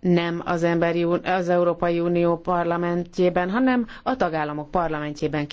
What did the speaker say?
nem az, emberi, az Európai Unió parlamentjében, hanem a tagállamok parlamentjében